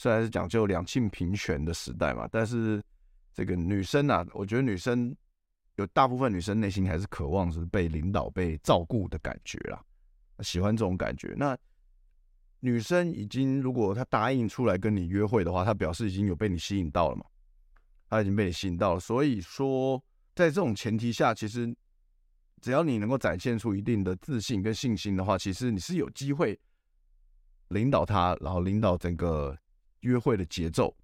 雖然是講究兩性平權的時代嘛，但是這個女生啊，我覺得女生有大部分女生內心還是渴望是，是被領導、被照顧的感覺啦，喜歡這種感覺。那女生已經如果她答應出來跟你約會的話，她表示已經有被你吸引到了嘛，她已經被你吸引到了。所以說，在這種前提下，其實只要你能夠展現出一定的自信跟信心的話，其實你是有機會領導她，然後領導整個。約會的節奏，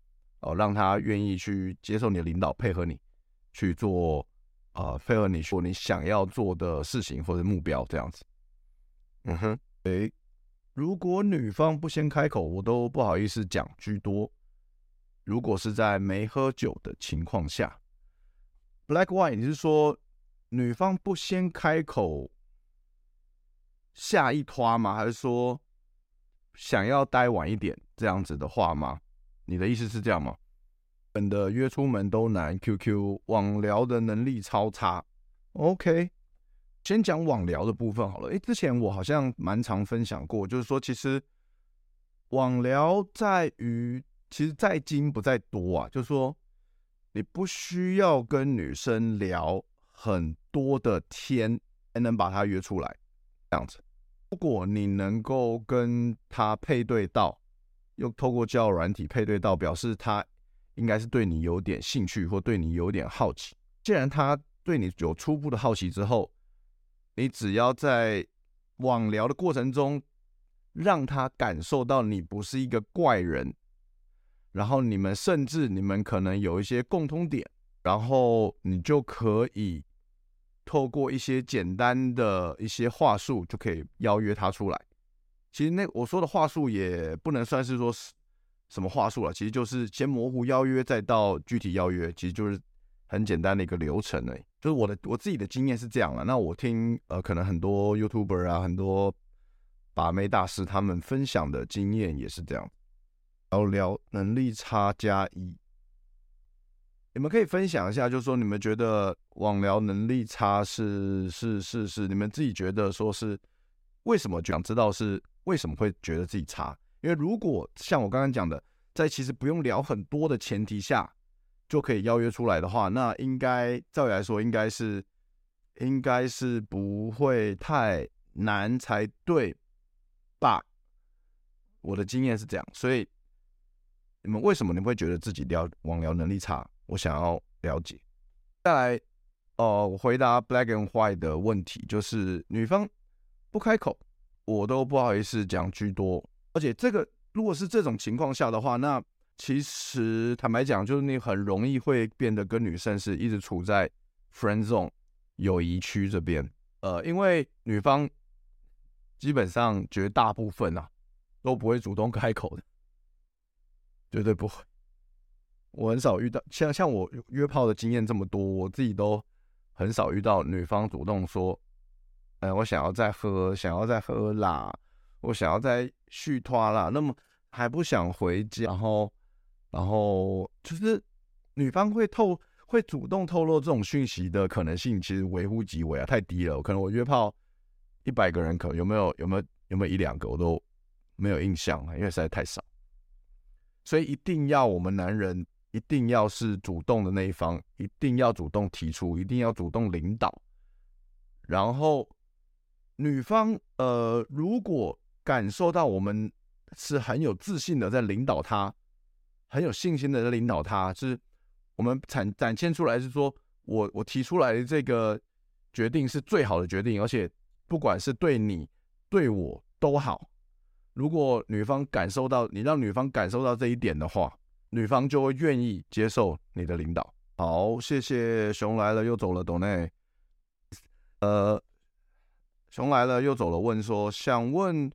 哦，讓他願意去接受你的領導，配合你去做，呃，配合你說你想要做的事情或者目標這樣子。嗯哼，誒、欸，如果女方不先開口，我都不好意思講居多。如果是在沒喝酒的情況下，Black White，你是說女方不先開口下一攤嗎？還是說？想要待晚一點這樣子的話嗎？你的意思是這樣嗎？本的約出門都難，QQ 網聊的能力超差。OK，先講網聊的部分好了。誒、欸，之前我好像蠻常分享過，就是說其實網聊在於其實，在精不在多啊，就是說你不需要跟女生聊很多的天，才能把她約出來，這樣子。如果你能夠跟他配對到，又透過交友軟體配對到，表示他應該是對你有點興趣或對你有點好奇。既然他對你有初步的好奇之後，你只要在網聊的過程中，讓他感受到你不是一個怪人，然後你們甚至你們可能有一些共通點，然後你就可以。透過一些簡單的一些話術就可以邀約他出來。其實那我說的話術也不能算是說什麼話術了，其實就是先模糊邀約，再到具體邀約，其實就是很簡單的一個流程誒、欸。就是我的我自己的經驗是這樣了、啊。那我聽呃，可能很多 YouTuber 啊，很多把妹大師他們分享的經驗也是這樣。然後聊能力差加一。你們可以分享一下，就是說你們覺得網聊能力差是是是是，你們自己覺得說是為什麼？就想知道是為什麼會覺得自己差？因為如果像我剛剛講的，在其實不用聊很多的前提下就可以邀約出來的話，那應該照理來說應該是應該是不會太難才對吧？我的經驗是這樣，所以你們為什麼你們會覺得自己聊網聊能力差？我想要了解，再來，呃，我回答 Black and White 的問題，就是女方不開口，我都不好意思講居多，而且這個如果是這種情況下的話，那其實坦白講，就是你很容易會變得跟女生是一直處在 friend zone 友誼區這邊，呃，因為女方基本上絕大部分啊都不會主動開口的，絕對不會。我很少遇到像像我約炮的經驗這麼多，我自己都很少遇到女方主動說，哎，我想要再喝，想要再喝啦，我想要再續拖啦，那麼還不想回家，然後然後就是女方會透會主動透露這種訊息的可能性，其實微乎其微啊，太低了。可能我約炮一百個人，可有沒有有沒有有沒有一兩個，我都沒有印象了，因為實在太少，所以一定要我們男人。一定要是主動的那一方，一定要主動提出，一定要主動領導。然後，女方，呃，如果感受到我們是很有自信的在領導他，很有信心的在領導他，是我們展展現出來是說我我提出來的這個決定是最好的決定，而且不管是對你對我都好。如果女方感受到你讓女方感受到這一點的話。女方就會願意接受你的領導。好，謝謝熊來了又走了斗內呃，熊來了又走了，問說想問，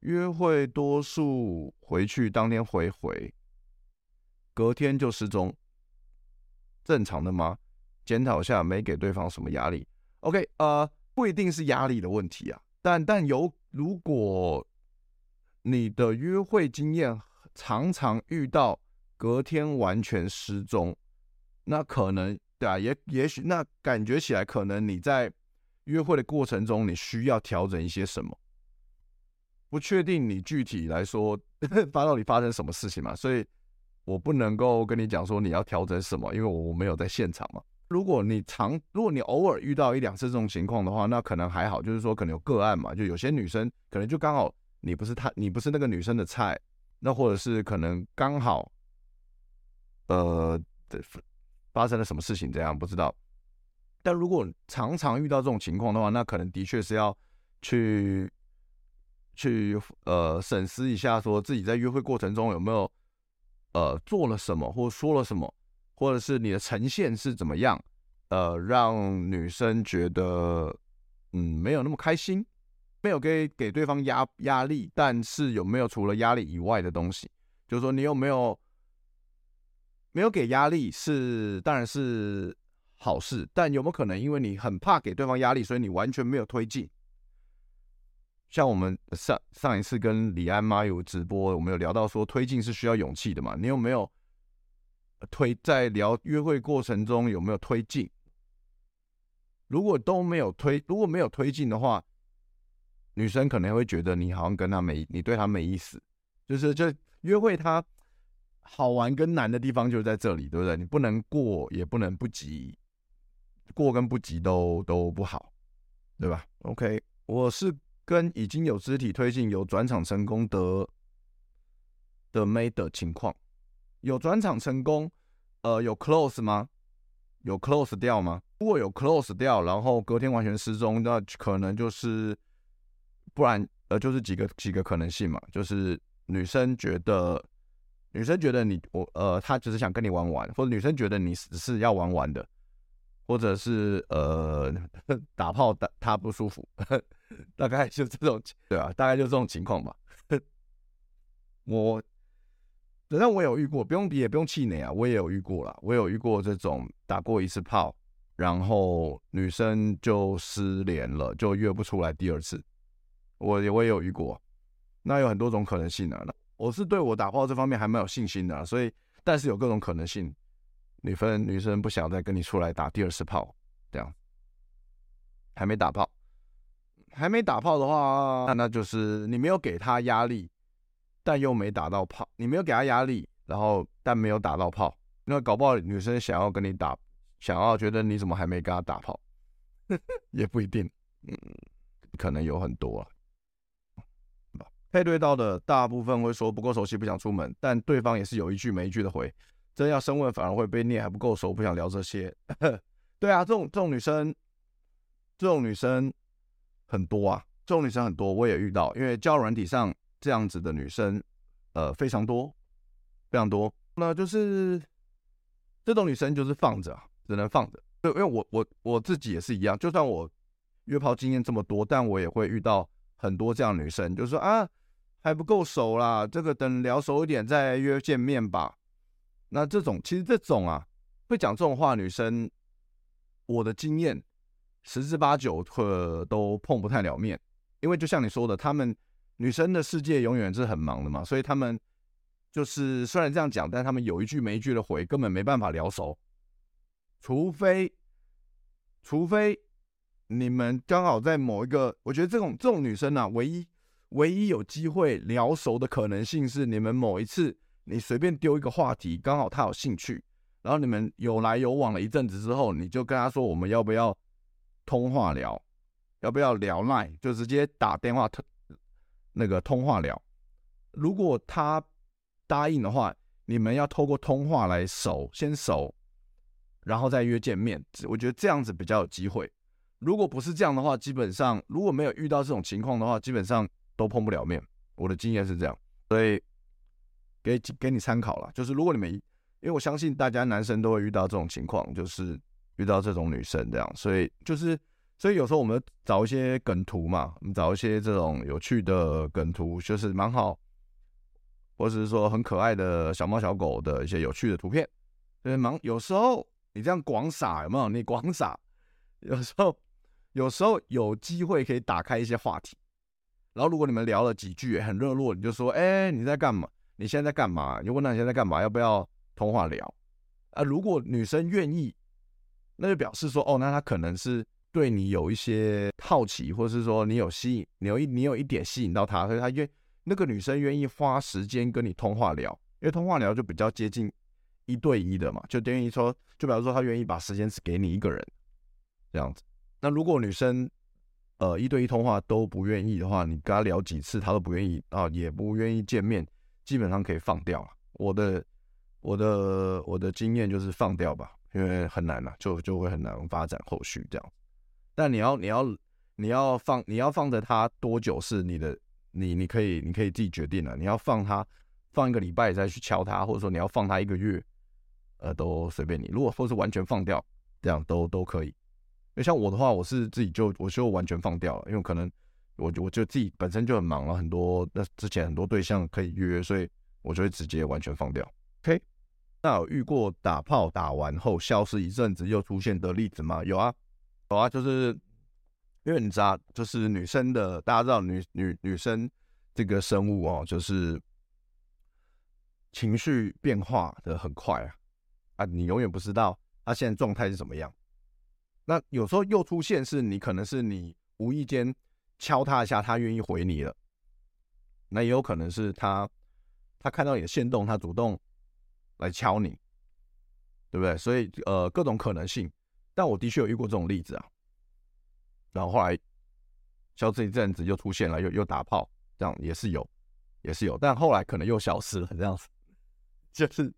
約會多數回去當天回回，隔天就失蹤，正常的嗎？檢討下沒給對方什麼壓力。OK，呃，不一定是壓力的問題啊，但但有，如果你的約會經驗常常遇到。隔天完全失蹤，那可能對啊，也也許那感覺起來可能你在約會的過程中，你需要調整一些什麼，不確定你具體來說發到底發生什麼事情嘛？所以我不能夠跟你講說你要調整什麼，因為我我沒有在現場嘛。如果你常，如果你偶爾遇到一兩次這種情況的話，那可能還好，就是說可能有個案嘛，就有些女生可能就剛好你不是她，你不是那個女生的菜，那或者是可能剛好。呃，發生了什麼事情，這樣不知道。但如果常常遇到這種情況的話，那可能的確是要去去呃審視一下，說自己在約會過程中有沒有呃做了什麼，或說了什麼，或者是你的呈現是怎麼樣，呃，讓女生覺得嗯沒有那麼開心，沒有給給對方壓壓力，但是有沒有除了壓力以外的東西？就是說你有沒有？沒有給壓力是當然是好事，但有沒有可能因為你很怕給對方壓力，所以你完全沒有推進？像我們上上一次跟李安媽有直播，我們有聊到說推進是需要勇氣的嘛？你有沒有推，在聊約會過程中有沒有推進？如果都沒有推，如果沒有推進的話，女生可能會覺得你好像跟她沒你對她沒意思，就是就約會她。好玩跟難的地方就是在這裡，對不對？你不能過，也不能不及，過跟不及都都不好，對吧？OK，我是跟已經有肢體推進、有轉場成功的的妹的情況，有轉場成功，呃，有 close 嗎？有 close 掉嗎？如果有 close 掉，然後隔天完全失蹤，那可能就是不然，呃，就是幾個幾個可能性嘛，就是女生覺得。女生覺得你我呃，她只是想跟你玩玩，或者女生覺得你只是要玩玩的，或者是呃打炮打她不舒服，大概就這種，對啊，大概就這種情況吧。我，等下我有遇過，不用比也不用氣餒啊，我也有遇過了，我有遇過這種打過一次炮，然後女生就失聯了，就約不出來第二次，我也我也有遇過，那有很多種可能性的啦。我是對我打炮這方面還蠻有信心的啊，所以但是有各種可能性，女粉女生不想再跟你出來打第二次炮。這樣還沒打炮，還沒打炮的話，那那就是你沒有給她壓力，但又沒打到炮，你沒有給她壓力，然後但沒有打到炮，那搞不好女生想要跟你打，想要覺得你怎麼還沒跟她打炮， 也不一定，嗯，可能有很多啊。配對到的大部分會說不夠熟悉，不想出門，但對方也是有一句沒一句的回。真要深問，反而會被虐。還不夠熟，不想聊這些。對啊，這種這種女生，這種女生很多啊，這種女生很多，我也遇到。因為交友軟體上這樣子的女生，呃，非常多，非常多。那就是這種女生就是放着，只能放着。對，因為我我我自己也是一樣，就算我約炮經驗這麼多，但我也會遇到很多這樣的女生，就是說啊。還不夠熟啦，這個等聊熟一點再約見面吧。那這種其實這種啊，會講這種話女生，我的經驗十之八九可都碰不太了面，因為就像你說的，她們女生的世界永遠是很忙的嘛，所以她們就是雖然這樣講，但他們有一句沒一句的回，根本沒辦法聊熟。除非，除非你們剛好在某一個，我覺得這種這種女生啊，唯一。唯一有機會聊熟的可能性是，你們某一次你隨便丟一個話題，剛好他有興趣，然後你們有來有往了一陣子之後，你就跟他說，我們要不要通話聊，要不要聊 Line，就直接打電話通那個通話聊。如果他答應的話，你們要透過通話來熟，先熟，然後再約見面。我覺得這樣子比較有機會。如果不是這樣的話，基本上如果沒有遇到這種情況的話，基本上。都碰不了面，我的經驗是這樣，所以給給你參考了。就是如果你們，因為我相信大家男生都會遇到這種情況，就是遇到這種女生這樣，所以就是，所以有時候我們找一些梗圖嘛，我們找一些這種有趣的梗圖，就是蠻好，或是說很可愛的小貓小狗的一些有趣的圖片，對、就是，蠻，有時候你這樣廣撒有沒有？你廣撒，有時候有時候有機會可以打開一些話題。然後，如果你們聊了幾句很熱絡，你就說：“哎、欸，你在幹嘛？你現在在幹嘛？”你就問他你現在在幹嘛？要不要通話聊？啊，如果女生願意，那就表示說，哦，那她可能是對你有一些好奇，或者是說你有吸引，你有一你有一點吸引到她，所以她願那個女生願意花時間跟你通話聊，因為通話聊就比較接近一對一的嘛，就等於說，就比如說她願意把時間只給你一個人這樣子。那如果女生，呃，一對一通話都不願意的話，你跟他聊幾次他都不願意啊，也不願意見面，基本上可以放掉了。我的我的我的經驗就是放掉吧，因為很難了，就就會很難發展後續這樣。但你要你要你要放你要放着他多久是你的你你可以你可以自己決定了。你要放他放一個禮拜再去敲他，或者說你要放他一個月，呃，都隨便你。如果說是完全放掉，這樣都都可以。像我的話，我是自己就我就完全放掉了，因為可能我我就自己本身就很忙了，很多那之前很多對象可以約，所以我就會直接完全放掉。OK，那有遇過打炮打完後消失一陣子又出現的例子嗎？有啊，有啊，就是因為你知道，就是女生的，大家知道女女女生這個生物哦，就是情緒變化的很快啊啊，你永遠不知道她、啊、現在狀態是什麼樣。那有時候又出現，是你可能是你無意間敲他一下，他願意回你了。那也有可能是他，他看到你的限動，他主動來敲你，對不對？所以呃，各種可能性。但我的確有遇過這種例子啊。然後後來消失一陣子，又出現了，又又打炮，這樣也是有，也是有。但後來可能又消失了，這樣子就是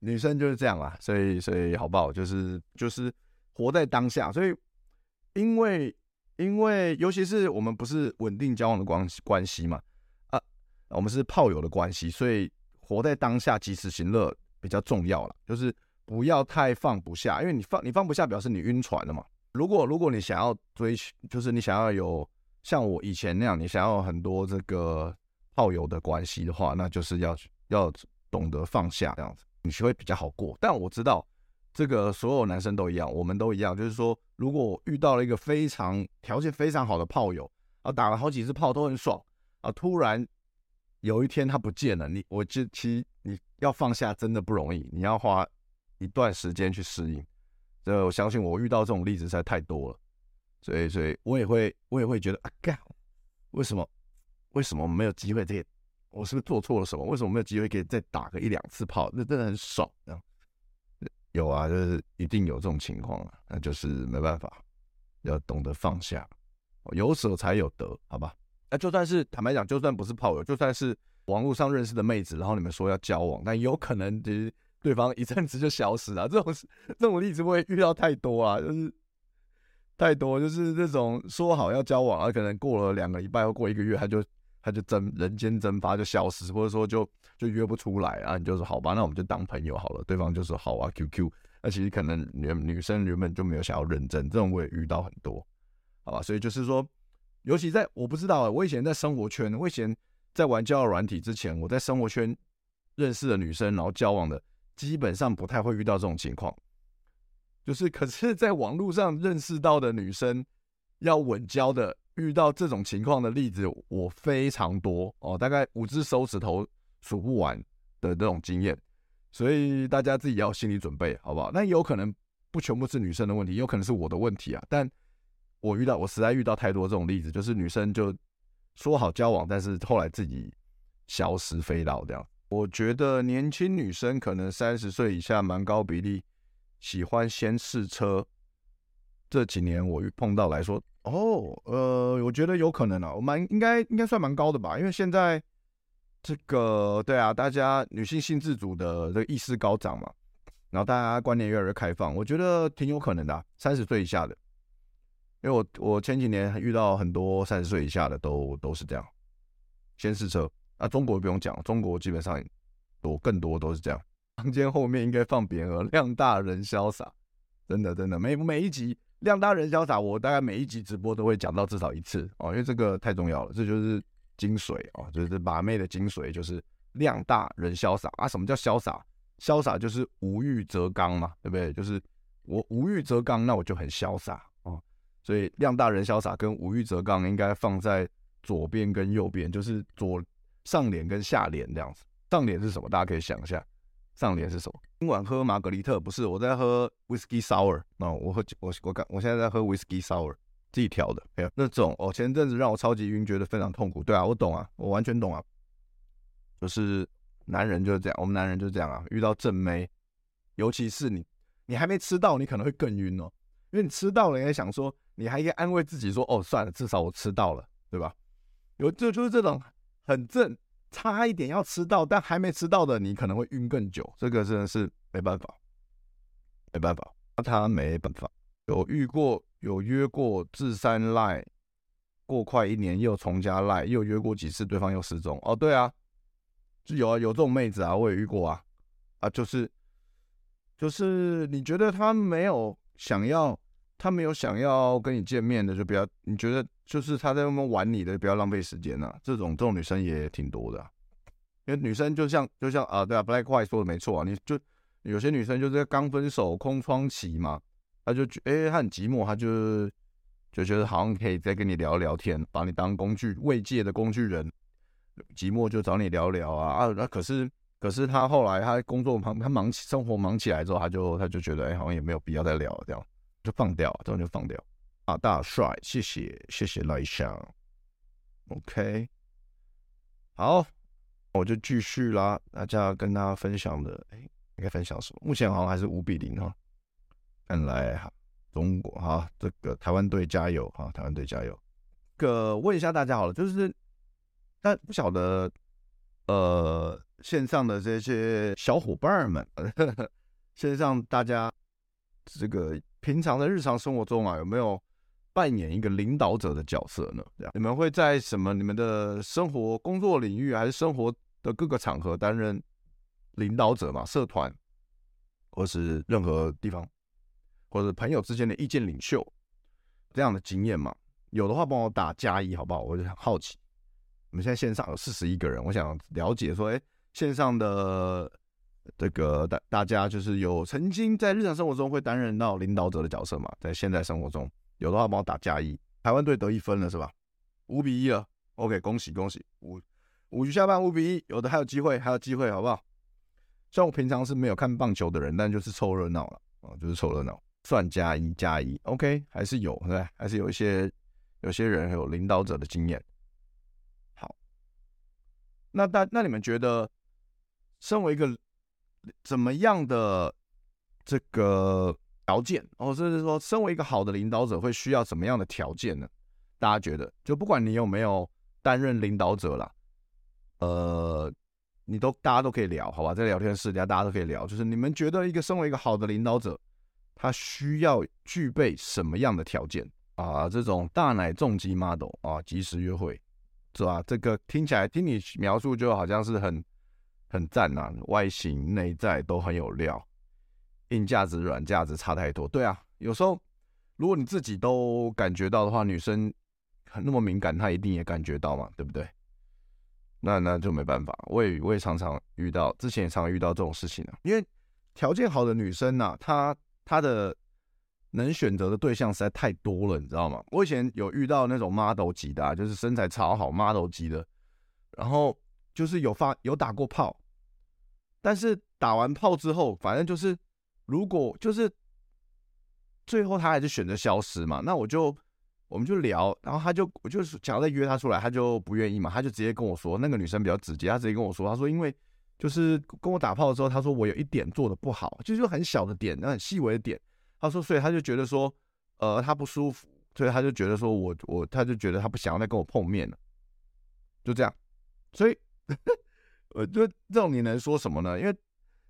女生就是這樣啊，所以所以好不好？就是就是。活在當下，所以因為因為尤其是我們不是穩定交往的關關係嘛，啊，我們是炮友的關係，所以活在當下及時行樂比較重要了，就是不要太放不下，因為你放你放不下，表示你暈船了嘛。如果如果你想要追求，就是你想要有像我以前那樣，你想要有很多這個炮友的關係的話，那就是要要懂得放下，這樣子你就會比較好過。但我知道。這個所有男生都一樣，我們都一樣，就是說，如果我遇到了一個非常條件非常好的炮友啊，打了好幾次炮都很爽啊，突然有一天他不見了，你，我這，其實你要放下真的不容易，你要花一段時間去適應。這我相信我遇到這種例子實在太多了，所以所以我也會我也會覺得啊幹，為什麼為什麼沒有機會？這我是不是做錯了什麼？為什麼沒有機會可以再打個一兩次炮？那真的很爽，啊有啊，就是一定有這種情況啊，那就是沒辦法，要懂得放下，有捨才有得，好吧？那就算是坦白講，就算不是炮友，就算是網絡上認識的妹子，然後你們說要交往，但有可能其實對方一陣子就消失了，這種這種例子會遇到太多啊，就是太多，就是那種說好要交往啊，可能過了兩個禮拜或過一個月，他就。他就蒸，人間蒸發就消失，或者說就就約不出來啊，你就說，好吧，那我們就當朋友好了。對方就說好啊，QQ。那其實可能女女生原本就沒有想要認真，這種我也遇到很多，好吧？所以就是說，尤其在我不知道啊，我以前在生活圈，我以前在玩交友軟體之前，我在生活圈認識的女生，然後交往的基本上不太會遇到這種情況。就是可是在網絡上認識到的女生，要穩交的。遇到這種情況的例子我非常多哦，大概五隻手指頭數不完的那種經驗，所以大家自己要心理準備，好不好？那有可能不全部是女生的問題，也有可能是我的問題啊。但我遇到，我實在遇到太多這種例子，就是女生就說好交往，但是後來自己消失飛掉這樣。我覺得年輕女生可能三十歲以下蠻高比例喜歡先試車，這幾年我遇碰到來說。哦，呃，我覺得有可能啊，我蠻應該應該算蠻高的吧，因為現在這個對啊，大家女性性自主的這個意識高漲嘛，然後大家觀念越來越開放，我覺得挺有可能的、啊。三十歲以下的，因為我我前幾年遇到很多三十歲以下的都都是這樣，先試車。那、啊、中國不用講，中國基本上多更多都是這樣。房間後面應該放匾額，量大人瀟灑，真的真的每每一集。量大人瀟灑，我大概每一集直播都會講到至少一次哦，因為這個太重要了，這就是精髓哦，就是把妹的精髓就是量大人瀟灑啊。什麼叫瀟灑？瀟灑就是無慾則剛嘛，對不對？就是我無慾則剛，那我就很瀟灑啊、哦。所以量大人瀟灑跟無慾則剛應該放在左邊跟右邊，就是左上聯跟下聯這樣子。上聯是什麼？大家可以想一下。上聯是什麼？今晚喝瑪格麗特不是，我在喝 whiskey sour 那、哦、我喝我我剛我現在在喝 whiskey sour 自己調的，還、嗯、有那種哦，前陣子讓我超級暈，覺得非常痛苦。對啊，我懂啊，我完全懂啊，就是男人就是這樣，我們男人就是這樣啊，遇到正妹，尤其是你，你還沒吃到，你可能會更暈哦，因為你吃到了也想說，你還應該安慰自己說，哦，算了，至少我吃到了，對吧？有就就是這種很正。差一點要吃到，但還沒吃到的，你可能會暈更久。這個真的是沒辦法，沒辦法，啊、他沒辦法。有遇過，有約過，自刪賴過快一年，又重加賴，又約過幾次，對方又失蹤。哦，對啊，就有啊，有這種妹子啊，我也遇過啊，啊，就是就是，你覺得他沒有想要？他沒有想要跟你見面的，就不要。你覺得就是他在外面玩你的，不要浪費時間了。這種這種女生也挺多的，啊，因為女生就像就像啊，對啊，Black White 說的沒錯啊。你就有些女生就是剛分手空窗期嘛，她就哎她、欸、很寂寞，她就就覺得好像可以再跟你聊聊天，把你當工具慰藉的工具人。寂寞就找你聊聊啊啊，那可是可是她後來她工作忙，她忙起生活忙起來之後，她就她就覺得哎、欸、好像也沒有必要再聊了，這樣。就放掉，這種就放掉啊！大帥，謝謝謝謝賴翔，OK，好，我就繼續啦。那就要跟大家分享的，誒，應該分享什麼？目前好像還是五比零哈，看來哈，中國哈，這個台灣隊加油哈，台灣隊加油。呃、啊，個問一下大家好了，就是那不曉得，呃，線上的這些小夥伴們，呵呵線上大家這個。平常的日常生活中啊，有沒有扮演一個領導者的角色呢？這樣，你們會在什麼你們的生活、工作領域，還是生活的各個場合擔任領導者嘛？社團或是任何地方，或者朋友之間的意見領袖這樣的經驗嘛？有的話，幫我打加一，好不好？我就很好奇。我們現在線上有四十一個人，我想了解說，哎、欸，線上的。這個大大家就是有曾經在日常生活中會擔任到領導者的角色嘛？在現在生活中，有的話幫我打加一。台灣隊得一分了是吧？五比一了。OK，恭喜恭喜。五五局下半五比一，有的還有機會，還有機會，好不好？像我平常是沒有看棒球的人，但就是湊熱鬧了啊，哦，就是湊熱鬧，算加一加一。OK，還是有對，還是有一些有些人還有領導者的經驗。好，那大那，那你們覺得，身為一個。怎麼樣的這個條件哦，甚至說，身為一個好的領導者，會需要什麼樣的條件呢？大家覺得，就不管你有沒有擔任領導者啦，呃，你都大家都可以聊，好吧？在聊天室大家都可以聊，就是你們覺得一個身為一個好的領導者，他需要具備什麼樣的條件啊？這種大奶重擊 model 啊，及時約會，是吧，啊？這個聽起來，聽你描述就好像是很。很讚啊，外形內在都很有料，硬價值軟價值差太多。對啊，有時候如果你自己都感覺到的話，女生很那麼敏感，她一定也感覺到嘛，對不對？那那就沒辦法，我也我也常常遇到，之前也常遇到這種事情啊，因為條件好的女生吶啊，她她的能選擇的對象實在太多了，你知道嗎？我以前有遇到那種 model 級的啊，就是身材超好 model 級的，然後就是有發有打過炮。但是打完炮之後，反正就是，如果就是最後他還是選擇消失嘛，那我就我們就聊，然後他就我就是想要再約他出來，他就不願意嘛，他就直接跟我說，那個女生比較直接，他直接跟我說，他說因為就是跟我打炮的時候，他說我有一點做的不好，就是很小的點，那很細微的點，他說所以他就覺得說，呃，他不舒服，所以他就覺得說我我，他就覺得他不想要再跟我碰面了，就這樣，所以。 呃，就這種你能說什麼呢？因為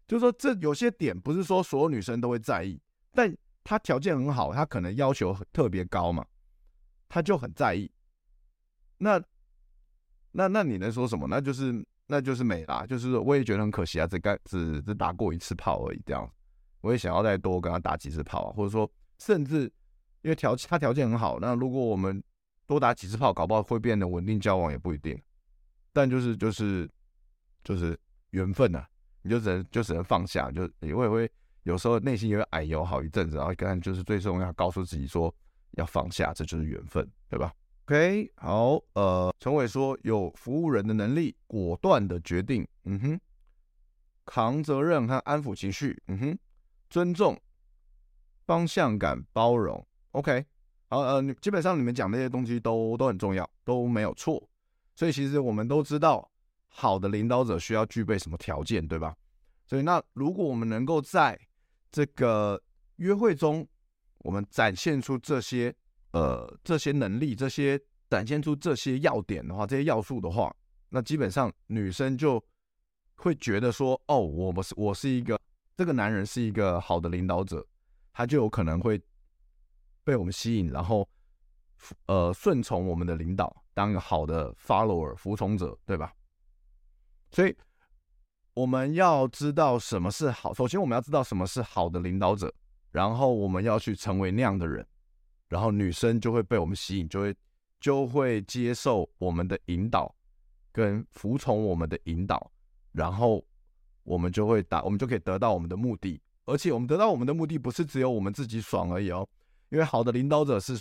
就是說，這有些點不是說所有女生都會在意，但她條件很好，她可能要求特別高嘛，她就很在意。那那那你能說什麼？那就是那就是美啦，就是我也覺得很可惜啊，這該，只只打過一次炮而已，這樣我也想要再多跟他打幾次炮啊，或者說甚至因為條件他條件很好，那如果我們多打幾次炮，搞不好會變得穩定交往也不一定。但就是就是。就是緣分吶、啊，你就只能就只能放下，就也會會有時候內心也會哎喲，好一陣子，然後當然就是最重要，告訴自己說要放下，這就是緣分，對吧？OK，好，呃，陳偉說有服務人的能力，果斷的決定，嗯哼，扛責任和安撫情緒，嗯哼，尊重，方向感，包容，OK，好，呃，基本上你們講那些東西都都很重要，都沒有錯，所以其實我們都知道。好的領導者需要具備什麼條件，對吧？所以，那如果我們能夠在這個約會中，我們展現出這些呃這些能力，這些展現出這些要點的話，這些要素的話，那基本上女生就會覺得說，哦，我們我是一個這個男人是一個好的領導者，他就有可能會被我們吸引，然後呃順從我們的領導，當一個好的 follower 服從者，對吧？所以我們要知道什麼是好。首先，我們要知道什麼是好的領導者，然後我們要去成為那樣的人，然後女生就會被我們吸引，就會就會接受我們的引導跟服從我們的引導，然後我們就會打，我們就可以得到我們的目的。而且我們得到我們的目的不是只有我們自己爽而已哦，因為好的領導者是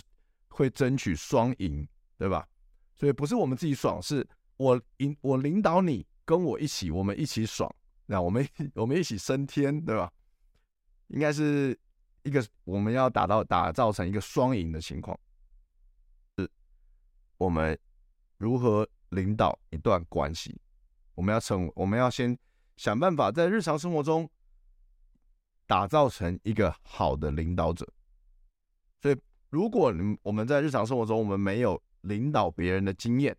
會爭取雙贏，對吧？所以不是我們自己爽，是我引我領導你。跟我一起，我們一起爽，那我們我們一起升天，對吧？應該是一個我們要打到、打造成一個雙贏的情況。是我們如何領導一段關係？我們要成，我們要先想辦法在日常生活中打造成一個好的領導者。所以，如果你我們在日常生活中我們沒有領導別人的經驗，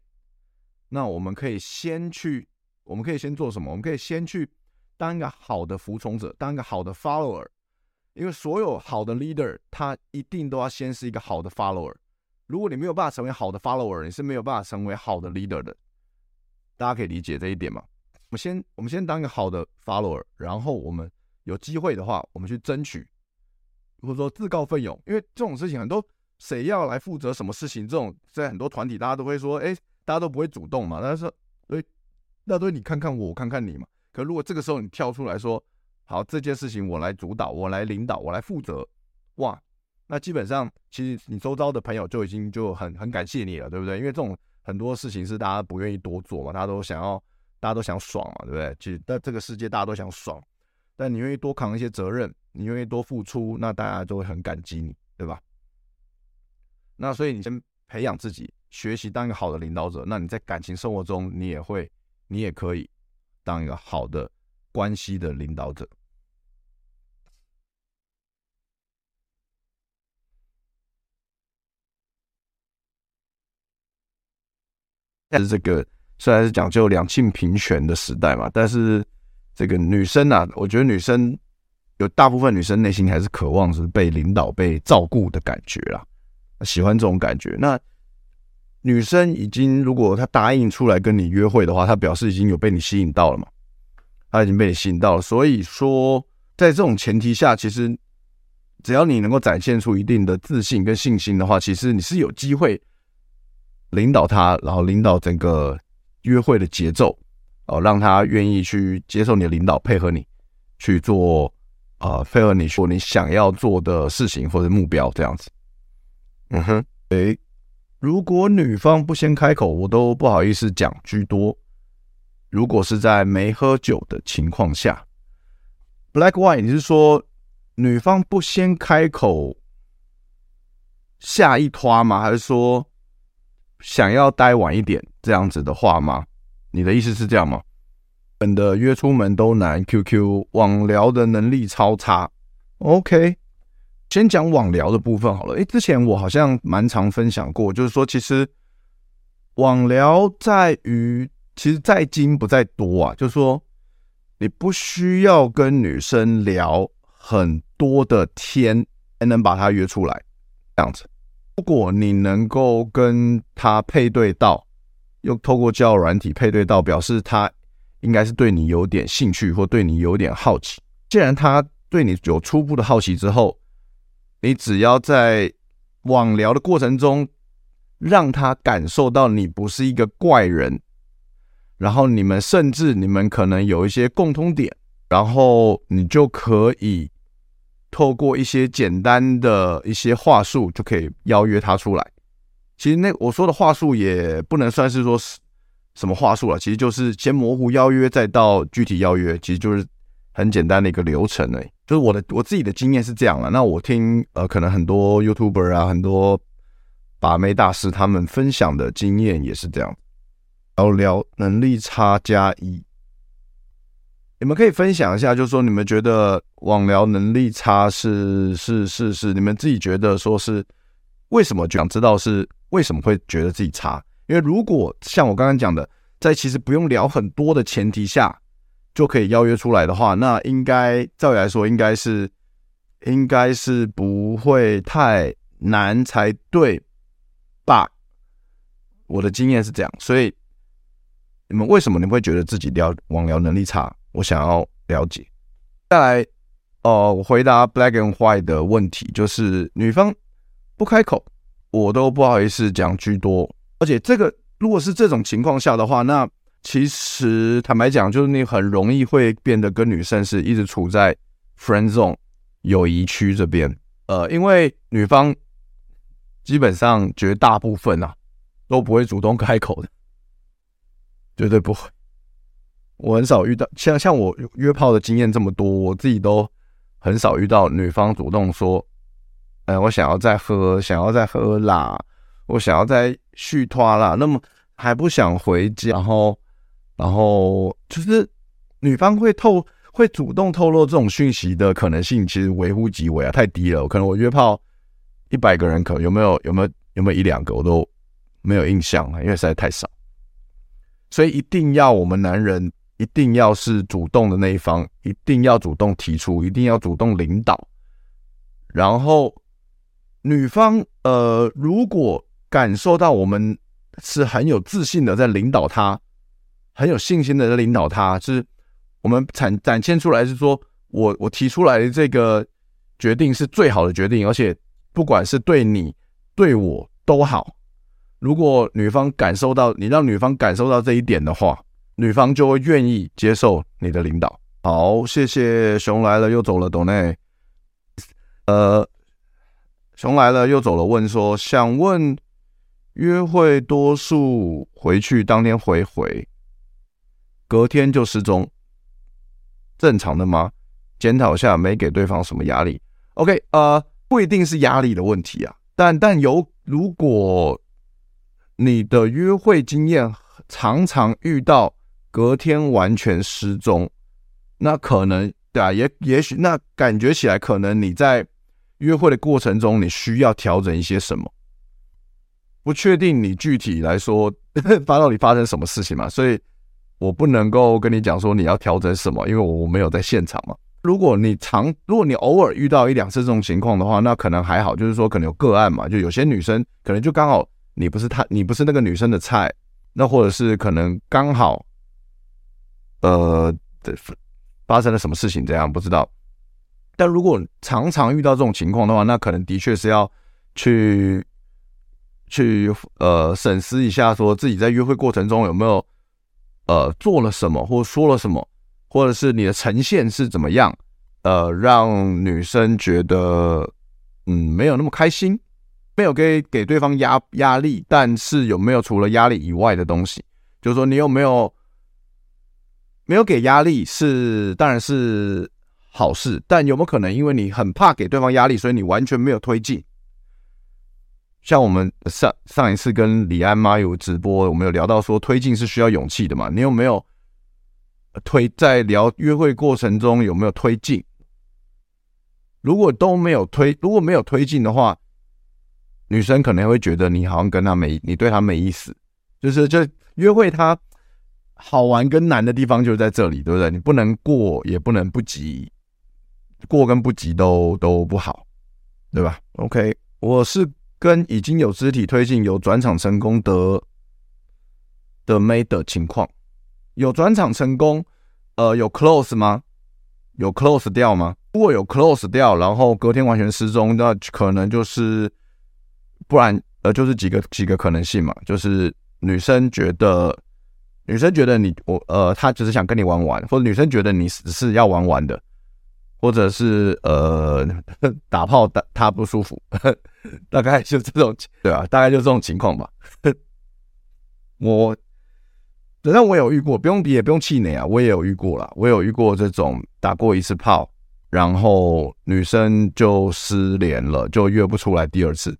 那我們可以先去。我們可以先做什麼？我們可以先去當一個好的服從者，當一個好的 follower，因為所有好的 leader 他一定都要先是一個好的 follower。如果你沒有辦法成為好的 follower，你是沒有辦法成為好的 leader 的。大家可以理解這一點嗎？我們先，我們先當一個好的 follower，然後我們有機會的話，我們去爭取，或者說自告奮勇，因為這種事情很多，誰要來負責什麼事情？這種在很多團體，大家都會說，哎，大家都不會主動嘛，但是。那都你看看我，我看看你嘛。可如果這個時候你跳出來說，好，這件事情我來主導，我來領導，我來負責，哇，那基本上其實你周遭的朋友就已經就很很感謝你了，對不對？因為這種很多事情是大家不願意多做嘛，大家都想要，大家都想爽嘛，對不對？其實在這個世界大家都想爽，但你願意多扛一些責任，你願意多付出，那大家都會很感激你，對吧？那所以你先培養自己，學習當一個好的領導者，那你在感情生活中你也會。你也可以當一個好的關係的領導者。現在這個雖然是講究兩性平權的時代嘛，但是這個女生啊，我覺得女生有大部分女生內心還是渴望是，是被領導、被照顧的感覺啦，喜歡這種感覺。那女生已經，如果她答應出來跟你約會的話，她表示已經有被你吸引到了嘛。她已經被你吸引到了，所以說在這種前提下，其實只要你能夠展現出一定的自信跟信心的話，其實你是有機會領導她，然後領導整個約會的節奏哦，讓她願意去接受你的領導，配合你去做啊、呃，配合你說你想要做的事情或者目標這樣子。嗯哼，哎。如果女方不先開口，我都不好意思講居多。如果是在沒喝酒的情況下，Black White，你是說女方不先開口，下一趴嗎？還是說想要待晚一點這樣子的話嗎？你的意思是這樣嗎？本的約出門都難，QQ 網聊的能力超差。OK。先講網聊的部分好了，誒，之前我好像蠻常分享過，就是說，其實網聊在於，其實，在精不在多啊，就是說，你不需要跟女生聊很多的天，才能把她約出來。這樣子，如果你能夠跟她配對到，又透過交友軟體配對到，表示她應該是對你有點興趣或對你有點好奇。既然她對你有初步的好奇之後，你只要在網聊的過程中，讓他感受到你不是一個怪人，然後你們甚至你們可能有一些共通點，然後你就可以透過一些簡單的一些話術，就可以邀約他出來。其實那我說的話術也不能算是說是什麼話術了，其實就是先模糊邀約，再到具體邀約，其實就是。很簡單的一個流程誒，就是我的我自己的經驗是這樣了、啊。那我聽呃，可能很多 YouTuber 啊，很多把妹大師他們分享的經驗也是這樣。然後聊能力差加一，你們可以分享一下，就是說你們覺得網聊能力差是是是是，你們自己覺得說是為什麼？就想知道是為什麼會覺得自己差？因為如果像我剛剛講的，在其實不用聊很多的前提下。就可以邀約出來的話，那應該照理來說，應該是應該是不會太難才對吧？我的經驗是這樣，所以你們為什麼你們會覺得自己聊網聊能力差？我想要了解。再來，呃，我回答 Black and White 的問題，就是女方不開口，我都不好意思講居多，而且這個如果是這種情況下的話，那。其實，坦白講，就是你很容易會變得跟女生是一直處在 friend zone 友誼區這邊。呃，因為女方基本上絕大部分啊都不會主動開口的，絕對不會。我很少遇到，像像我約炮的經驗這麼多，我自己都很少遇到女方主動說，哎，我想要再喝，想要再喝啦，我想要再續攤啦，那麼還不想回家，然後。然後就是女方會透會主動透露這種訊息的可能性，其實微乎其微啊，太低了。可能我約炮一百個人，可有沒有有沒有有沒有一兩個，我都沒有印象了，因為實在太少。所以一定要我們男人一定要是主動的那一方，一定要主動提出，一定要主動領導。然後女方呃，如果感受到我們是很有自信的在領導她。很有信心的在領導他，他是我們展展現出來是說，我我提出來的這個決定是最好的決定，而且不管是對你對我都好。如果女方感受到你讓女方感受到這一點的話，女方就會願意接受你的領導。好，謝謝熊來了又走了，Donnie。呃，熊來了又走了，問說，想問約會多數回去當天回回，隔天就失蹤，正常的嗎？檢討下，沒給對方什麼壓力。OK，呃，不一定是壓力的問題啊，但但有，如果你的約會經驗常常遇到隔天完全失蹤，那可能對啊，也也許那感覺起來，可能你在約會的過程中，你需要調整一些什麼？不確定，你具體來說發 到底發生什麼事情嘛？所以。我不能夠跟你講說你要調整什麼，因為我我沒有在現場嘛。如果你常，如果你偶爾遇到一兩次這種情況的話，那可能還好，就是說可能有個案嘛，就有些女生可能就剛好你不是她，你不是那個女生的菜，那或者是可能剛好，呃，發生了什麼事情這樣不知道。但如果常常遇到這種情況的話，那可能的確是要去去呃審視一下，說自己在約會過程中有沒有。呃，做了什麼，或說了什麼，或者是你的呈現是怎麼樣，呃，讓女生覺得嗯，沒有那麼開心，沒有給給對方壓壓力，但是有沒有除了壓力以外的東西？就是說你有沒有沒有給壓力是當然是好事，但有沒有可能因為你很怕給對方壓力，所以你完全沒有推進？像我們上上一次跟李安媽有直播，我們有聊到說，推進是需要勇氣的嘛，你有沒有推，在聊約會過程中有沒有推進？如果都沒有推，如果沒有推進的話，女生可能會覺得你好像跟她沒，你對她沒意思。就是就約會她好玩跟難的地方就在這裡，對不對？你不能過，也不能不急，過跟不急都都不好，對吧？嗯，OK，我是。跟已經有肢體推進、有轉場成功的的妹的情況，有轉場成功，呃，有 close 嗎？有 close 掉嗎？如果有 close 掉，然後隔天完全失蹤，那可能就是不然，呃，就是幾個幾個可能性嘛，就是女生覺得女生覺得你我，呃，她只是想跟你玩玩，或者女生覺得你是是要玩玩的。或者是呃，打炮打他不舒服，大概就這種，對啊，大概就這種情況吧。我，等下我也有遇過，不用比，也不用氣餒啊，我也有遇過啦，我有遇過這種打過一次炮，然後女生就失聯了，就約不出來第二次。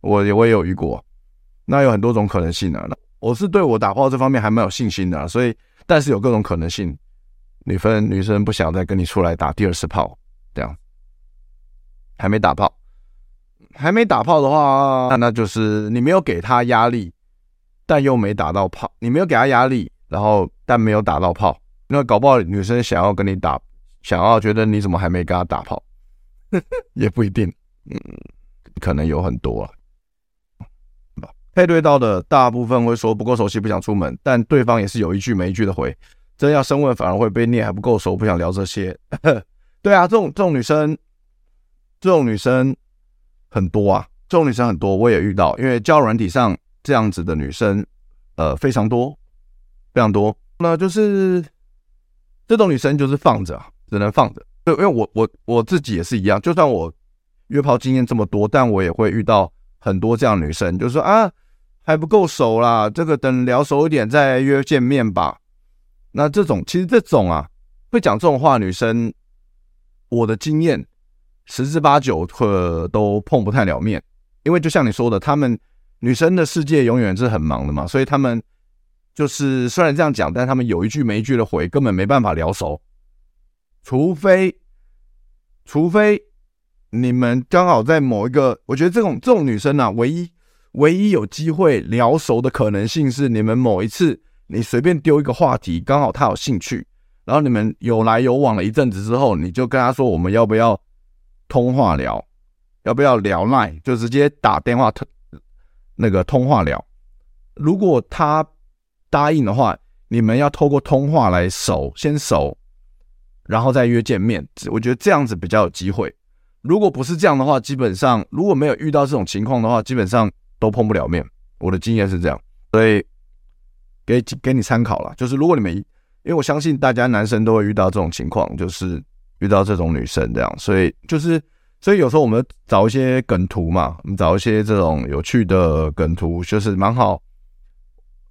我也我也有遇過，那有很多種可能性啊。那我是對我打炮這方面還蠻有信心的啊，所以但是有各種可能性。女方女生不想再跟你出來打第二次炮，這樣還沒打炮，還沒打炮的話，那那就是你沒有給她壓力，但又沒打到炮，你沒有給她壓力，然後但沒有打到炮，因為搞不好女生想要跟你打，想要覺得你怎麼還沒跟她打炮， 也不一定，嗯，可能有很多啊。配對到的大部分會說不夠熟悉不想出門，但對方也是有一句沒一句的回。真要深問，反而會被虐，還不夠熟，不想聊這些。 對啊，這種這種女生，這種女生很多啊，這種女生很多，我也遇到，因為交軟體上這樣子的女生，呃，非常多，非常多。那就是這種女生就是放着啊，只能放着。對，因為我我我自己也是一樣，就算我約炮經驗這麼多，但我也會遇到很多這樣的女生，就是說，啊，還不夠熟啦，這個等聊熟一點再約見面吧。那這種其實這種啊，會講這種話女生，我的經驗十之八九可都碰不太了面，因為就像你說的，她們女生的世界永遠是很忙的嘛，所以她們就是雖然這樣講，但他們有一句沒一句的回，根本沒辦法聊熟，除非除非你們剛好在某一個，我覺得這種這種女生啊，唯一唯一有機會聊熟的可能性是你們某一次。你隨便丟一個話題，剛好他有興趣，然後你們有來有往了一陣子之後，你就跟他說，我們要不要通話聊，要不要聊賴？就直接打電話特那個通話聊。如果他答應的話，你們要透過通話來熟，先熟，然後再約見面。我覺得這樣子比較有機會。如果不是這樣的話，基本上如果沒有遇到這種情況的話，基本上都碰不了面。我的經驗是這樣，所以。給給你參考了，就是如果你們，因為我相信大家男生都會遇到這種情況，就是遇到這種女生這樣，所以就是所以有時候我們找一些梗圖嘛，我們找一些這種有趣的梗圖，就是蠻好，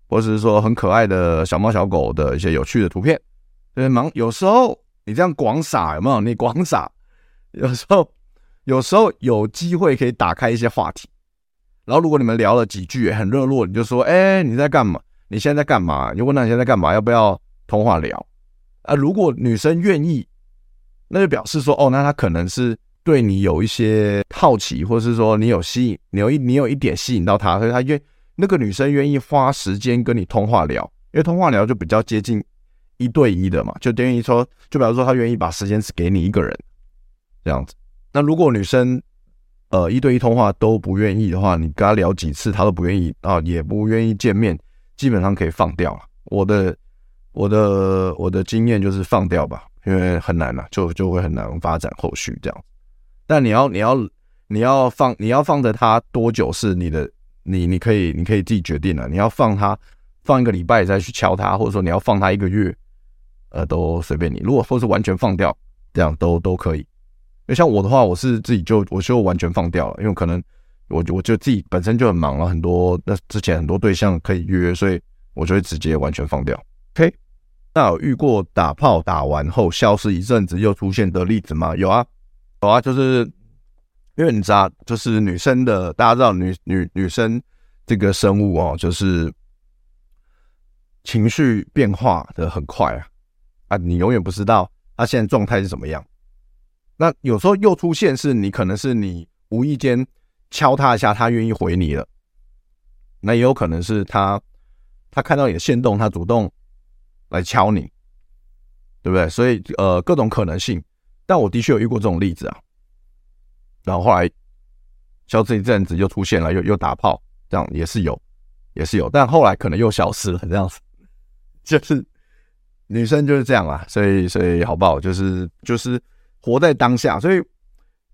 或是說很可愛的小貓小狗的一些有趣的圖片，對、就、為、是、有時候你這樣廣撒有沒有？你廣撒，有時候有時候有機會可以打開一些話題，然後如果你們聊了幾句很熱絡，你就說，哎、欸，你在幹嘛？你現在在幹嘛？你問她你現在在幹嘛？要不要通話聊？啊，如果女生願意，那就表示說，哦，那她可能是對你有一些好奇，或是說你有吸引，你有你有一點吸引到她，所以她願那個女生願意花時間跟你通話聊，因為通話聊就比較接近一對一的嘛，就等於說，就比方說她願意把時間只給你一個人這樣子。那如果女生呃一對一通話都不願意的話，你跟她聊幾次她都不願意啊，也不願意見面。基本上可以放掉了。我的我的我的經驗就是放掉吧，因為很難了啊，就就會很難發展後續這樣。但你要你要你要放你要放著它多久是你的，你你可以你可以自己決定了啊。你要放它放一個禮拜再去敲它，或者說你要放它一個月，呃，都隨便你。如果或是完全放掉，這樣都都可以。那像我的話，我是自己就我就完全放掉了，因為可能。我我就自己本身就很忙了很多，那之前很多對象可以約，所以我就會直接完全放掉。OK，那有遇過打炮打完後消失一陣子又出現的例子嗎？有啊，有啊，就是因為你知道，就是女生的，大家知道女女女生這個生物哦，就是情緒變化的很快啊啊，你永遠不知道她、啊、現在狀態是什麼樣。那有時候又出現，是你可能是你無意間。敲他一下，他願意回你了，那也有可能是他他看到你的行動，他主動來敲你，對不對？所以呃，各種可能性。但我的確有遇過這種例子啊。然後後來消失一陣子，又出現了，又又打炮，這樣也是有，也是有。但後來可能又消失了，這樣子。就是女生就是這樣嘛、啊，所以所以好不好？就是就是活在當下。所以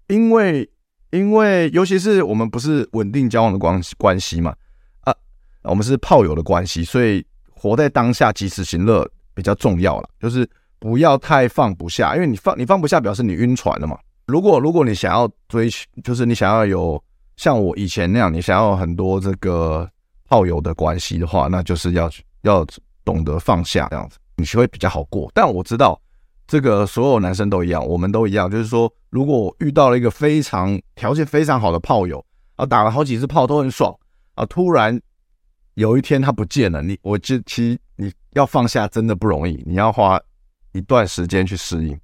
因為。因為尤其是我們不是穩定交往的關關係嘛，啊，我們是炮友的關係，所以活在當下，及時行樂比較重要了，就是不要太放不下，因為你放你放不下，表示你暈船了嘛。如果如果你想要追求，就是你想要有像我以前那樣，你想要有很多這個炮友的關係的話，那就是要要懂得放下這樣子，你就會比較好過。但我知道。這個所有男生都一樣，我們都一樣，就是說，如果我遇到了一個非常條件非常好的炮友，啊，打了好幾次炮都很爽，啊，突然有一天他不見了，你我其實你要放下真的不容易，你要花一段時間去適應。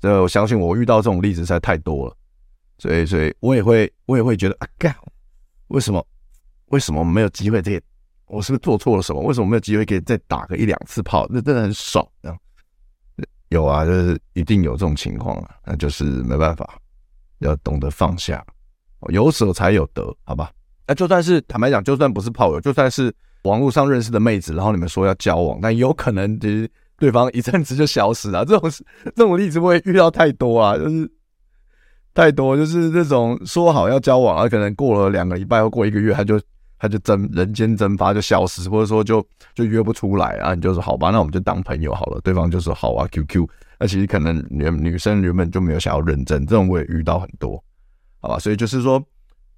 這我相信我遇到這種例子實在太多了，所以所以我也會我也會覺得啊，幹，為什麼為什麼沒有機會？這我是不是做錯了什麼？為什麼沒有機會可以再打個一兩次炮？那真的很爽，這樣，啊。有啊，就是一定有這種情況啊，那就是沒辦法，要懂得放下，有捨才有得，好吧？那就算是坦白講，就算不是炮友，就算是網絡上認識的妹子，然後你們說要交往，但有可能就是對方一陣子就消失了，這種這種例子不會遇到太多啊，就是太多，就是那種說好要交往啊，可能過了兩個禮拜或過一個月，他就。他就真人間蒸發就消失，或者說就就約不出來啊，你就說好吧，那我們就當朋友好了。對方就說好啊，QQ。那其實可能女女生原本就沒有想要認真，這種我也遇到很多，好吧？所以就是說，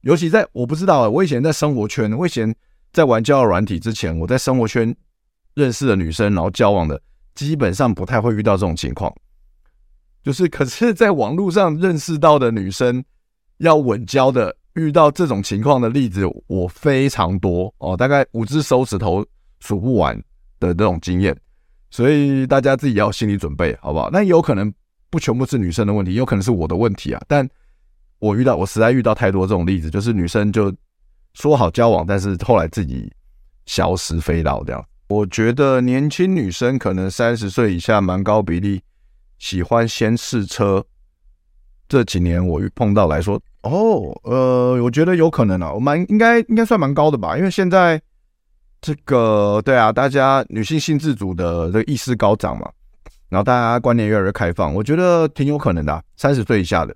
尤其在我不知道啊，我以前在生活圈，我以前在玩交友軟體之前，我在生活圈認識的女生，然後交往的，基本上不太會遇到這種情況。就是可是在網絡上認識到的女生，要穩交的。遇到這種情況的例子我非常多哦，大概五只手指頭數不完的那種經驗，所以大家自己要心理準備，好不好？那有可能不全部是女生的問題，有可能是我的問題啊。但我遇到我實在遇到太多這種例子，就是女生就說好交往，但是後來自己消失飛掉，這樣。我覺得年輕女生可能三十歲以下蠻高比例喜歡先試車，這幾年我碰到來說。哦，oh, 呃，我覺得有可能啊，我蠻應該應該算蠻高的吧，因為現在這個對啊，大家女性性自主的這個意識高漲嘛，然後大家觀念越來越開放，我覺得挺有可能的啊，三十歲以下的，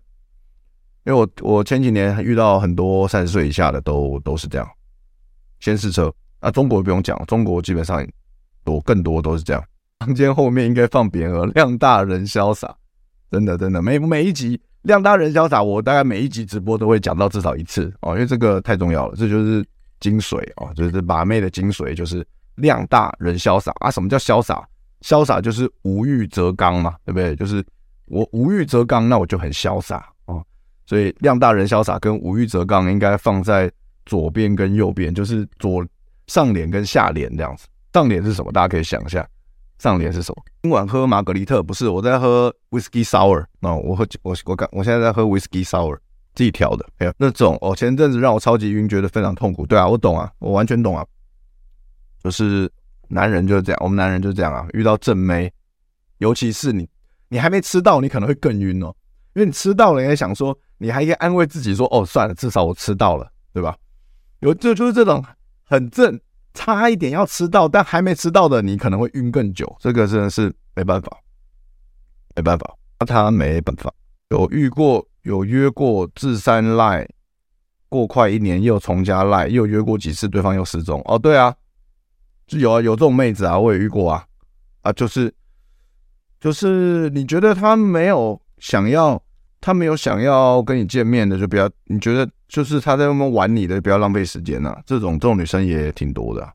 因為我我前幾年遇到很多三十歲以下的都都是這樣，先試車啊。中國不用講，中國基本上多更多都是這樣。房間後面應該放匾額，量大人瀟灑，真的真的每每一集。量大人瀟灑，我大概每一集直播都會講到至少一次哦，因為這個太重要了，這就是精髓哦，就是把妹的精髓就是量大人瀟灑啊。什麼叫瀟灑？瀟灑就是無欲則剛嘛，對不對？就是我無欲則剛，那我就很瀟灑哦。所以量大人瀟灑跟無欲則剛應該放在左邊跟右邊，就是左上聯跟下聯這樣子。上聯是什麼？大家可以想一下。上聯是什麼？今晚喝瑪格麗特不是，我在喝 whiskey sour 啊、oh，我喝我我剛我現在在喝 whiskey sour 自己調的，沒、yeah, 有那種哦。前陣子讓我超級暈，覺得非常痛苦。對啊，我懂啊，我完全懂啊，就是男人就是這樣，我們男人就是這樣啊。遇到正妹，尤其是你，你還沒吃到，你可能會更暈哦，因為你吃到了你還想說，你還應該安慰自己說，哦算了，至少我吃到了，對吧？有就就是這種很正。差一點要吃到，但還沒吃到的，你可能會暈更久。這個真的是沒辦法，沒辦法，啊、他沒辦法。有遇過，有約過，自三賴過快一年，又重加賴，又約過幾次，對方又失蹤。哦，對啊，有啊，有這種妹子啊，我也遇過啊，啊，就是就是，你覺得他沒有想要，他沒有想要跟你見面的，就比較，你覺得？就是他在外面玩你的，不要浪費時間了、啊。這種這種女生也挺多的、啊，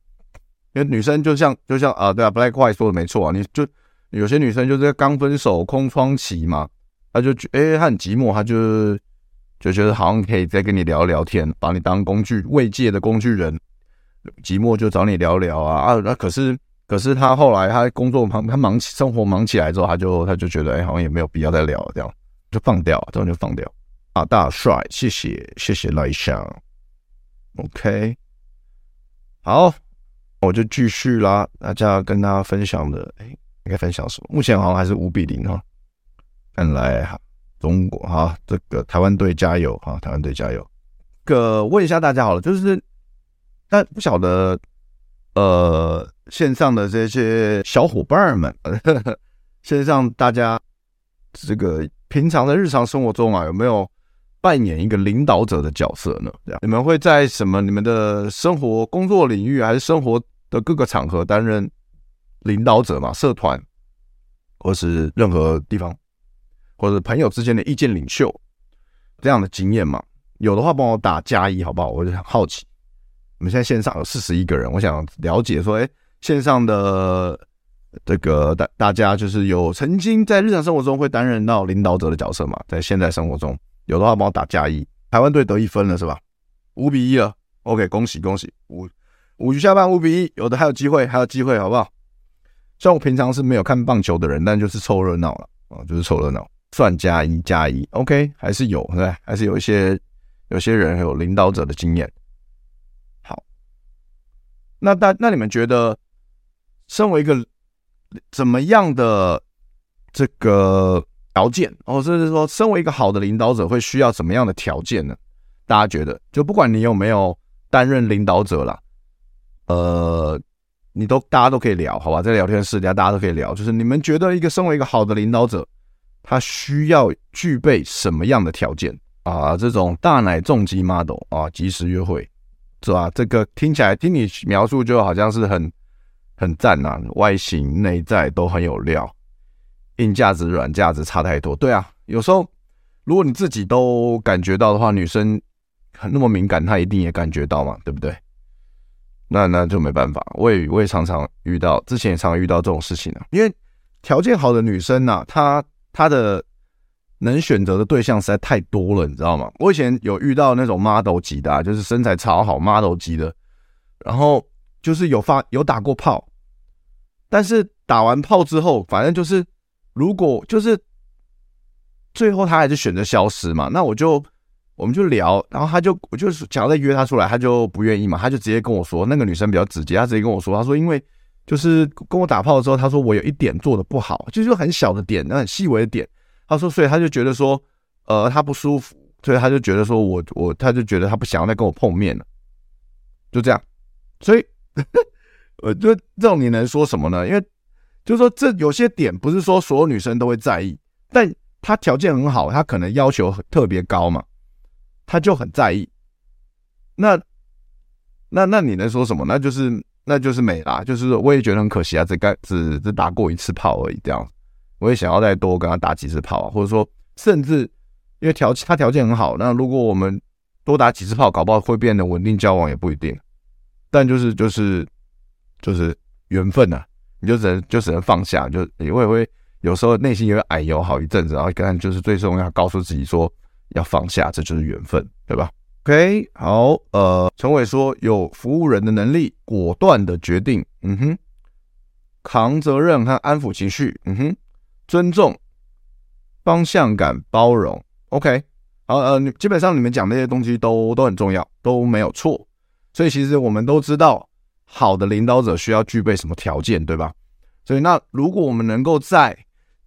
因為女生就像就像啊，對啊，Black White 說的沒錯啊。你就有些女生就是剛分手空窗期嘛，她就誒、欸，她很寂寞，她就就覺得好像可以再跟你聊聊天，把你當工具慰藉的工具人，寂寞就找你聊聊啊啊。那可是可是她後來她工作忙，她忙起生活忙起來之後，她就她就覺得哎、欸、好像也沒有必要再聊了，這樣就放掉，這種就放掉。啊，大帥，謝謝謝謝來香，OK，好，我就繼續啦。大家要跟大家分享的，誒，應該分享什麼？目前好像還是五比零哈，看來哈，中國哈、啊，這個台灣隊加油哈，台灣隊加油。啊、加油個，問一下大家好了，就是，那不曉得，呃，線上的這些小夥伴們，呵呵線上大家這個平常的日常生活中啊，有沒有？扮演一個領導者的角色呢？這樣你們會在什麼你們的生活、工作領域，還是生活的各個場合擔任領導者嘛？社團或是任何地方，或者朋友之間的意見領袖這樣的經驗嘛？有的話幫我打加一好不好？我就很好奇。我們現在線上有四十一個人，我想了解說，哎、欸，線上的這個大大家就是有曾經在日常生活中會擔任到領導者的角色嘛？在現在生活中。有的話幫我打加一，1，台灣隊得一分了是吧？五比一了，OK，恭喜恭喜，五五局下半五比一，有的還有機會，還有機會，好不好？雖然我平常是沒有看棒球的人，但就是湊熱鬧了啊，就是湊熱鬧，算加一加一，OK，還是有對，還是有一些有些人還有領導者的經驗。好，那大那你們覺得，身為一個怎麼樣的這個？條件哦，就是說，身為一個好的領導者，會需要什麼樣的條件呢？大家覺得，就不管你有沒有擔任領導者啦，呃，你都大家都可以聊，好吧，在聊天室底下大家都可以聊。就是你們覺得，一個身為一個好的領導者，他需要具備什麼樣的條件啊？這種大奶重擊 model 啊，及時約會，是吧？這個聽起來，聽你描述就好像是很很讚啊，外形內在都很有料。硬架子、軟架子差太多，對啊，有時候如果你自己都感覺到的話，女生那麼敏感，她一定也感覺到嘛，對不對？那那就沒辦法，我也我也常常遇到，之前也常常遇到這種事情啊。因為條件好的女生呢啊，她她的能選擇的對象實在太多了，你知道嗎？我以前有遇到那種 model 級的啊，就是身材超好 model 級的，然後就是有發有打過炮，但是打完炮之後，反正就是。如果就是最後他還是選擇消失嘛，那我就我們就聊，然後他就我就想要再約他出來，他就不願意嘛，他就直接跟我說，那個女生比較直接，他直接跟我說，他說因為就是跟我打炮的時候，他說我有一點做得不好，就是很小的點，那很細微的點，他說所以他就覺得說，呃，他不舒服，所以他就覺得說我我，他就覺得他不想要再跟我碰面了，就這樣，所以我 就這種你能說什麼呢？因為。就是說，這有些點不是說所有女生都會在意，但她條件很好，她可能要求特別高嘛，她就很在意。那、那、那你能說什麼？那就是、那就是沒啦，就是我也覺得很可惜啊，只該只只打過一次炮而已。這樣，我也想要再多跟他打幾次炮，啊，或者說，甚至因為條他條件很好，那如果我們多打幾次炮，搞不好會變得穩定交往也不一定。但就是就是就是緣分吶、啊。你就只能就只能放下，你就、欸、我也會會有時候內心也會哎呦好一陣子，然後看就是最重要告訴自己說要放下，這就是緣分，對吧？OK，好，呃，陳偉說有服務人的能力，果斷的決定，嗯哼，扛責任，和安撫情緒，嗯哼，尊重，方向感，包容，OK，好，呃你，基本上你們講的那些東西都都很重要，都沒有錯，所以其實我們都知道。好的領導者需要具備什麼條件，對吧？所以，那如果我們能夠在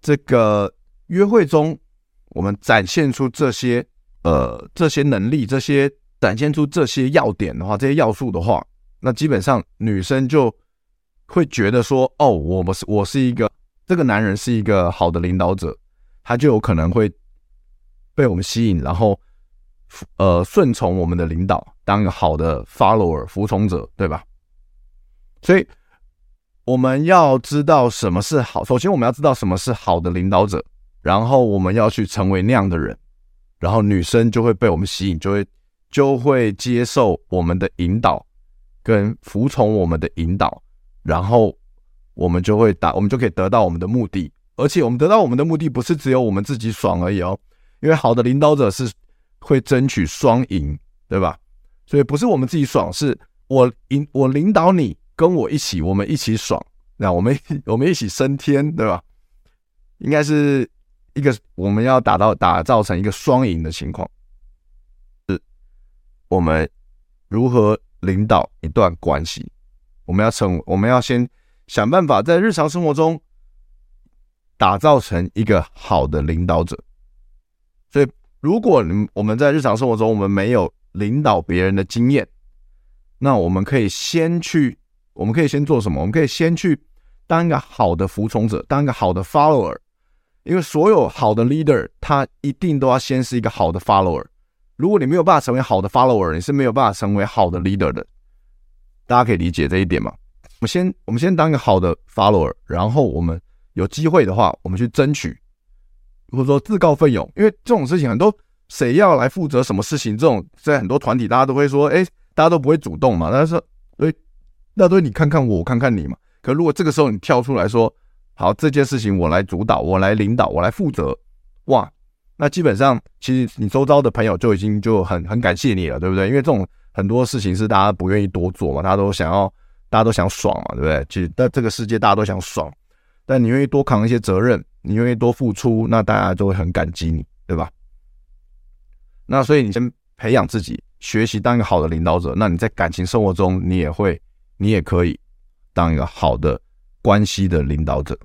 這個約會中，我們展現出這些呃這些能力，這些展現出這些要點的話，這些要素的話，那基本上女生就會覺得說，哦，我們是我是一個這個男人是一個好的領導者，他就有可能會被我們吸引，然後呃順從我們的領導，當一個好的 follower 服從者，對吧？所以我們要知道什麼是好。首先，我們要知道什麼是好的領導者，然後我們要去成為那樣的人，然後女生就會被我們吸引，就會就會接受我們的引導跟服從我們的引導，然後我們就會達，我們就可以得到我們的目的。而且我們得到我們的目的不是只有我們自己爽而已哦，因為好的領導者是會爭取雙贏，對吧？所以不是我們自己爽，是我引我領導你。跟我一起，我們一起爽，那我們我們一起升天，對吧？應該是一個我們要打到、打造成一個雙贏的情況。是我們如何領導一段關係？我們要成，我們要先想辦法在日常生活中打造成一個好的領導者。所以，如果你我們在日常生活中我們沒有領導別人的經驗，那我們可以先去。我們可以先做什麼？我們可以先去當一個好的服從者，當一個好的 follower，因為所有好的 leader 他一定都要先是一個好的 follower。如果你沒有辦法成為好的 follower，你是沒有辦法成為好的 leader 的。大家可以理解這一點嗎？我先我們先當一個好的 follower，然後我們有機會的話，我們去爭取，或者說自告奮勇，因為這種事情很多，誰要來負責什麼事情？這種在很多團體大家都會說，哎，大家都不會主動嘛，但是，誒。那都你看看我，我看看你嘛。可，如果這個時候你跳出來說：“好，這件事情我來主導，我來領導，我來負責。”哇，那基本上其實你周遭的朋友就已經就很很感謝你了，對不對？因為這種很多事情是大家不願意多做嘛，大家都想要，大家都想爽嘛，對不對？其實在這個世界大家都想爽，但你願意多扛一些責任，你願意多付出，那大家就會很感激你，對吧？那所以你先培養自己，學習當一個好的領導者，那你在感情生活中你也會。你也可以當一個好的關係的領導者。